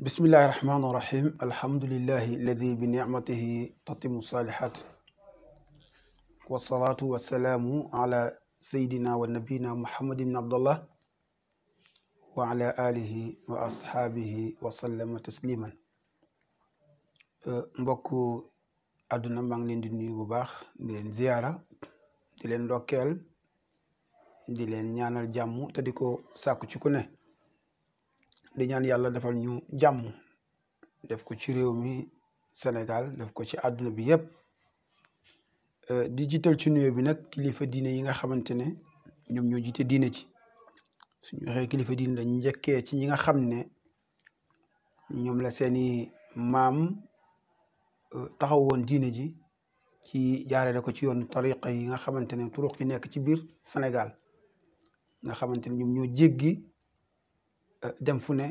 bismillahi irrahmani irrahim alhamdulillahi alladi bi nicmatihi tatimu saalihat wasalaatu wasalaamu ala sayidina wa nabiyina muhammad ibn abdallah wa ala alihi wa asxaabihi wasallama tasliman euh, mbokk àdduna maa ngi leen di nuyu bu baax di leen ziyaara di leen ndokkeel di leen ñaanal jàmm te di ko sàkku ci di ñaan yàlla defal ñu jàmm def ko ci réew mi Sénégal def ko ci àdduna bi yëpp euh, di jiital ci nuyoo bi nag kilifa diine yi nga xamante ne ñoom ñoo jiite diine ci suñu waxee dañ njëkkee ci ñi nga xam ne ñoom la seeni maam euh, taxaw woon diine ji ci jaaree la ko ci yoon tariqa yi nga xamante ne turuq yi nekk ci biir Sénégal nga xamante ñoom ñoo jéggi Eh, dem fu ne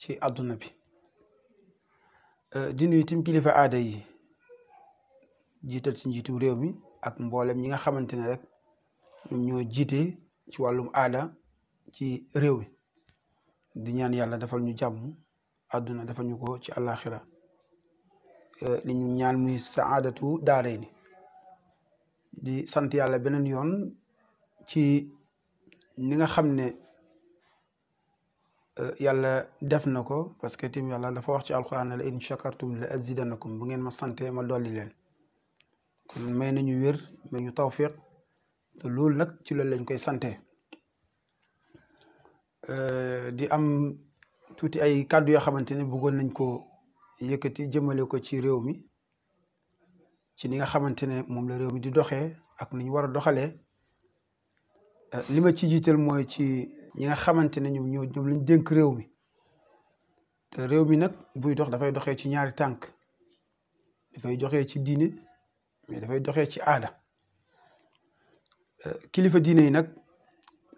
ci adduna bi eh, di nuyu tim kilifa aada yi jiital ci njiitu réew mi ak mbooleem ñi nga xamante ne rek ñoom jiite ci wàllum aada ci réew mi di ñaan yàlla defal ñu jàmm àdduna defal ñu ko ci àllaaxira eh, li ñu ñaan muy saadatu daaray ni di sant yàlla beneen yoon ci ni nga xam ne Euh, yàlla def na ko parce que tim yàlla dafa wax ci alquran ne la in shakartum la azidanakum bu ngeen ma sante ma dolli leen kon may nañu wér may ñu tawfiq te loolu nag ci loolu lañ koy sante euh, di am tuuti ay kàddu yoo xamante ne bëggoon nañ ko yëkkati jëmmale ko ci réew mi ci ni nga xamante ne moom la réew mi di doxee ak ni ñu war a doxalee euh, li ci jiital mooy ci ñi nga xamante ne ñoom ñoo ñoom lañ dénk réew mi te réew mi nag buy dox dafay doxee ci ñaari tànk dafay doxee ci diine mais dafay doxee ci aada euh, kilifa diine yi nag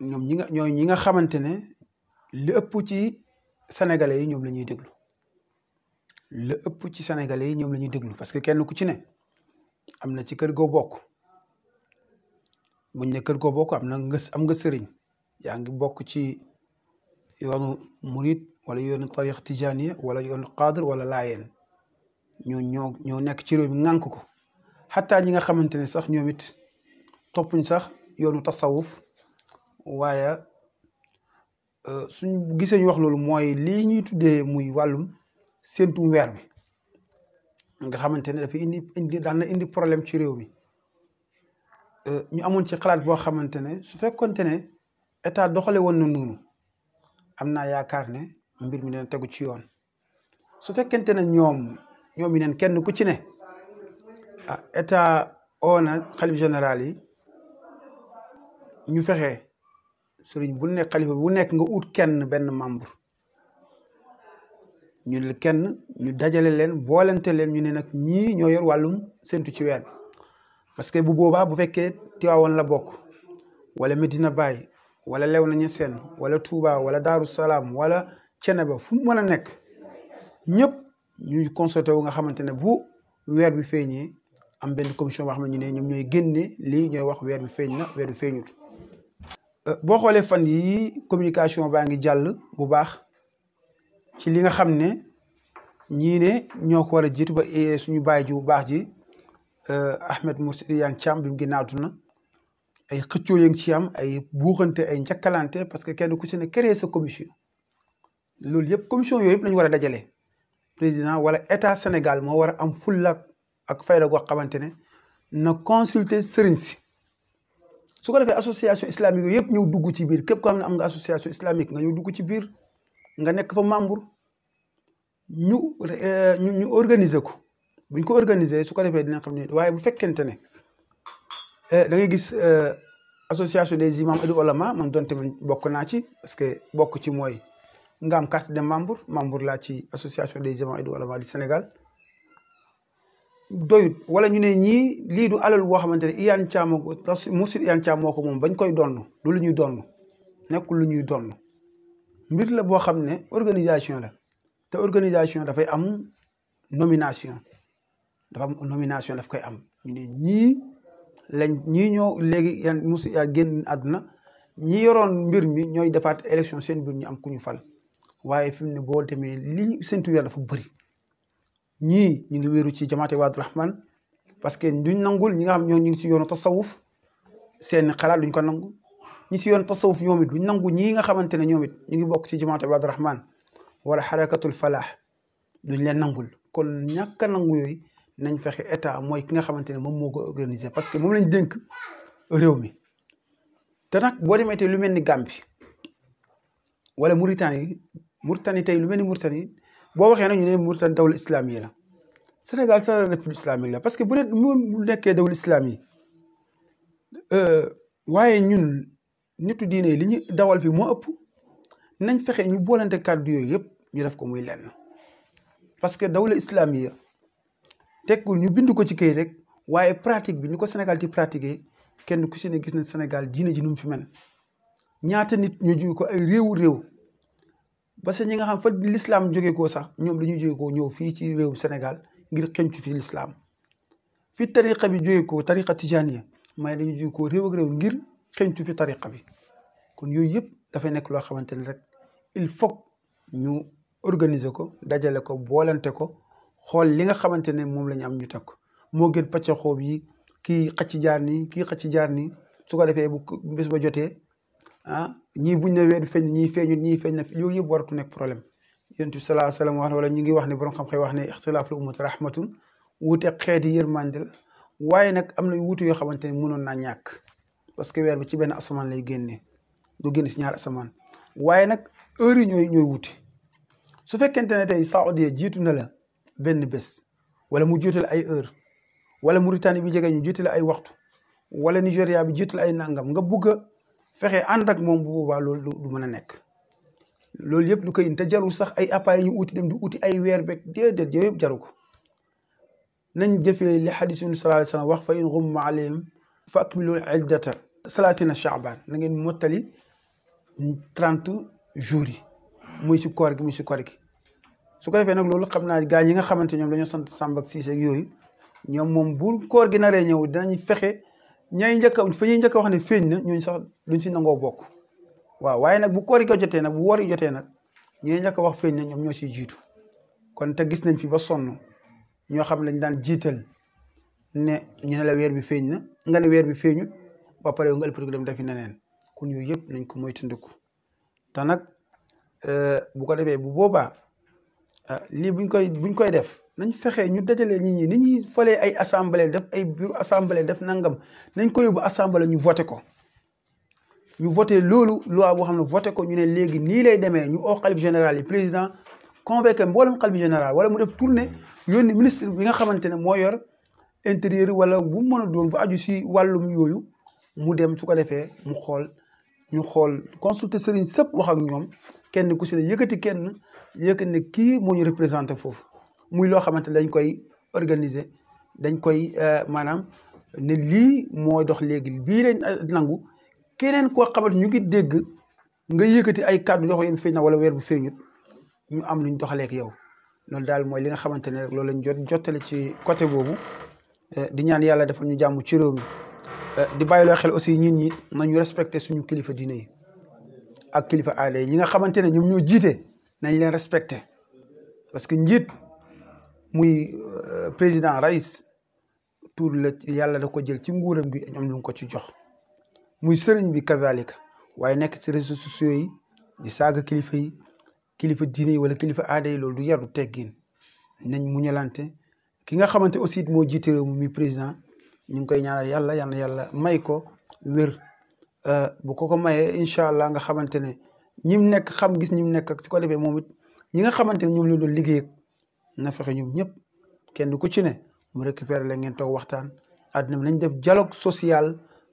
ñoom ñi nga ñooy ñi nga xamante ne li ëpp ci senegale yi ñoom la ñuy déglu li ëpp ci sénégalais yi ñoom lañuy ñuy déglu parce que kenn ku ci ne am na ci kër goo bokk buñ ne kër goo bokk am na nga am nga sëriñ yaa ngi bokk ci yoonu murit wala yoonu tarix tijaniya wala yoonu qaadir wala laayeen ñoo ñoo nekk ci réew mi ŋànk ko xataa ñi nga xamante ne sax ñoom it toppuñ sax yoonu tasawuf waaye euh, suñ gisee ñu wax loolu mooy lii ñuy tuddee muy wàllum séentum weer bi nga xamante ne dafa indi indi na indi problème ci réew mi euh, ñu amoon ci xalaat boo xamante ne su fekkonte ne état doxale woon na noonu am naa yaakaar ne mbir mi dina tegu ci yoon su fekkente ne ñoom ñoom yi neen kenn ku ci ne ah état oo na xalif général yi ñu fexe sëriñ bu nekk xalifa bu nekk nga ut kenn benn membre ñu kenn ñu dajale leen boolente leen ñu ne nag ñii ñoo yor wàllum séntu ci weer parce que bu boobaa bu fekkee Tiwaawoon la bokk wala Medina Baye wala lew nañu seen wala Touba wala Daaru Salaam wala Ceneba fu mën a nekk ñëpp ñu consulté wu nga xamante ne bu weer bi feeñee am benn commission boo xam ne ñu ñoom ñooy génne lii ñooy wax weer feeñ na weer bi feeñut. Euh, boo xoolee fan yi communication baa ngi jàll bu baax ci li nga xam ne ñii ne ñoo ko war a jiitu ba eh, suñu bàyyi ji bu baax ji euh, Ahmed Moussi Diagne Thiam bi mu génn àdduna ay xëccoo yaa ngi ci am ay buuxante ay njakkalante parce que kenn ku ci ne créer sa commission loolu yëpp commission yooyu yëpp lañu war a dajale président wala état Sénégal moo war a am fulla ak fayda goo xamante ne na consulter sëriñ su ko defee association islamique yooyu yëpp ñëw dugg ci biir képp ko xam ne am nga association islamique nga ñëw dugg ci biir nga nekk fa membre ñu euh, ñu organiser ko buñ ko organiser su ko defee dina xam ne waaye bu fekkente ne. Eh, da ngay gis eh, association des imams et du ulama man doon tamit bokk naa ci parce que bokk ci mooy nga am carte de membre membre laa ci association des imams et du ulama du Sénégal doyut wala ñu ne ñii lii du alal boo xamante ne Iyane Thiam moo ko Moussine ko moom bañ koy donn du lu ñuy donn nekkul lu ñuy donn mbir la boo xam ne organisation la te organisation dafay am nomination dafa nomination daf koy am ñu ne ñii lañ ñii ñoo léegi mus musi génn àdduna ñi yoroon mbir mi ñooy defaat élection seen mbir ñu am ku ñu fal waaye fi mu ne boo demee li seentu yàlla dafa bari ñii ñu ngi wéeru ci jamaate waadu rahman parce que duñ nangul ñi nga xam ñoo ñu ngi si yoonu tasawuf seen xalaat duñ ko nangu ñi si yoon tasawuf ñoom it duñ nangu ñii nga xamante ne ñoom it ñu ngi bokk ci jamaate waadu rahman wala xarakatul falaax duñ leen nangul kon ñàkk a nangu yooyu nañ fexe état mooy ki nga xamante ne moom moo ko organisé parce que moom lañ dénk réew mi te boo demee tey lu mel ni Gambie wala Mauritanie Mauritanie tey lu mel ni Mauritanie boo waxee nañu ñu ne Mauritanie dawla islamique la Sénégal sa république islamique la parce que bu ne mu nekkee dawla islamique euh, waaye ñun nitu diine li ñu dawal fi moo ëpp nañ fexe ñu boolante kàddu yooyu yëpp ñu def ko muy lenn parce que dawla islami tekkul ñu bind ko ci këy rek waaye pratique bi ni ko Sénégal di pratiquer kenn ku si ne gis na Sénégal diine ji nu mu fi mel ñaata nit ñu jóge ko ay réewu réew parce que ñi nga xam fa l'islam jóge koo sax ñoom dañuy jóge koo ñëw fii ci réew Sénégal ngir xencu fi l'islam fi tariqa bi jóge koo tariqa tijaniya may dañuy jóge koo réew ak réew ngir xencu fi tariqa bi kon yooyu yëpp dafay nekk loo xamante ni rek il faut ñu organiser ko dajale ko boolante ko xool li nga xamante ne moom la ñu am ñu teg ko moo gën pàcc xoob yi kii xëcc jaar nii kii xëcc jaar ni su ko defee bu bés ba jotee ah ñii buñ ne weer feeñ ñii feeñut ñii feeñ na yooyu yëpp waratu nekk problème yonent bi salaa salaam wax wala ñu ngi wax ne borom xam-xam wax ne ixtilaaf lu umat rahmatun wuute xeeti yërmande la waaye nag am na wuute yoo xamante ne mënoon naa ñàkk parce que weer bi ci benn asamaan lay génne du gën si ñaar asamaan waaye nag heure yi ñooy ñooy wuute su fekkente ne tey Saoudia jiitu na la benn bés wala mu jiital ay heure wala Mauritanie bi jege ñu jiital ay waxtu wala Nigéria bi jiital ay nangam nga bugg a fexe ànd ak moom bu boobaa loolu du mën a nekk. loolu yëpp lu koy indi te jarul sax ay appareil ñu uti dem du uti ay weer beeg déedéet yooyu jaru ko nañ jëfee li xadiis yu sallallahu alayhi wax fa in ghumma alayhim fa akmilu iddata salaatina shaaban na ngeen mottali trente jours yi muy si koor gi muy si koor gi. su ko defee nag loolu xam naa gaa yi nga xamante ñoom dañoo sant Samba ak yooyu ñoom moom bu koor gi naree ñëw dinañ fexe ñay njëkk a fa ñuy njëkk a wax ne feeñ na ñooñu sax duñ si nangoo bokk waaw waaye nag bu koor jotee nag bu woor jotee nag ñay njëkk a wax feeñ na ñoom ñoo siy jiitu kon te gis nañ fi ba sonn ñoo xam lañ daan jiital ne ñu ne la weer bi feeñ na nga ne weer bi feeñu ba pare nga ëpp dem fi neneen kon yooyu yëpp nañ ko moytandiku te nag euh, bu ko defee bu boobaa. Ah, lii buñ koy buñ koy def nañ fexe ñu dajalee nit ñi nit ñi falee ay assemblée def ay bureau assemblée def nangam nañ ko yóbbu assemblée ñu voté ko ñu voté loolu loi boo xam ne voté ko ñu ne léegi nii lay demee ñu oo xalif général yi président convoqué mboolem xalif général wala mu def tournée yónni ministre bi nga xamante ne moo yor intérieur wala bu mën a doon bu aju si wàllum yooyu mu dem su ko defee mu xool ñu xool consulter sëriñ sëpp wax ak ñoom kenn ku si yëkkati kenn yëg ne kii moo ñu représenté foofu muy loo xamante dañ koy organiser dañ koy euh, maanaam ne lii moo dox léegi bii lañ euh, nangu keneen koo xamante ñu ngi dégg nga yëkkati ay kàddu yoo xam feeñ na wala weer bu feeñut ñu am luñ doxaleek yow loolu daal mooy li nga xamante ne rek loolu lañ jot jottale ci côté boobu euh, di ñaan yàlla defal ñu jàmm ci réew mi di bàyyiloo xel aussi ñit ñi nañu respecté suñu kilifa diine yi ak kilifa aada yi ñi nga xamante ne ñoom ñoo jiite. nañ leen respecté parce que njiit muy euh, président raïs tur la yàlla da ko jël ci nguuram gi ñoom lu ko ci jox muy sëriñ bi kazalika waaye nekk ci réseaux sociaux yi di saaga kilifa yi kilifa diine yi wala kilifa aada yi loolu du yaru teggin nañ muñalante ki nga xamante aussi moo jiite réew mi président ñu ngi koy ñaan yàlla yàlla yàlla may ko wér euh, bu ko ko mayee incha allah nga xamante ne ñi mu nekk xam gis ñi mu nekk ak su ko defee moom it ñi nga xamante ne ñoom la doon liggéey na fexe ñoom ñëpp kenn ku ci ne mu récupérer la ngeen toog waxtaan àddina bi nañ def dialogue social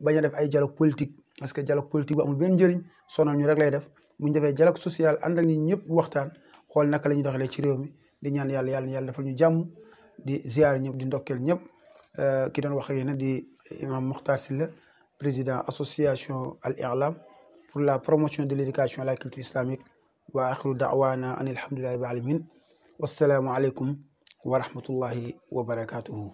bañ a def ay dialogue politique parce que dialogue politique bu amul benn njëriñ sonal ñu rek lay def mu ñu defee dialogue social ànd ak ñi ñëpp waxtaan xool naka la ñuy doxalee ci réew mi di ñaan yàlla yàlla yàlla defal ñu jàmm di ziar ñëpp di ndokkeel ñëpp euh, ki doon wax ak yéen di imam Mokhtar Sylla président association Al I'lam pour la promotion de l'éducation à la culture islamique wa axiru daawaana an alhamdulillahi bi alamin wassalaamu aleykum wa rahmatullahi wa barakatuhu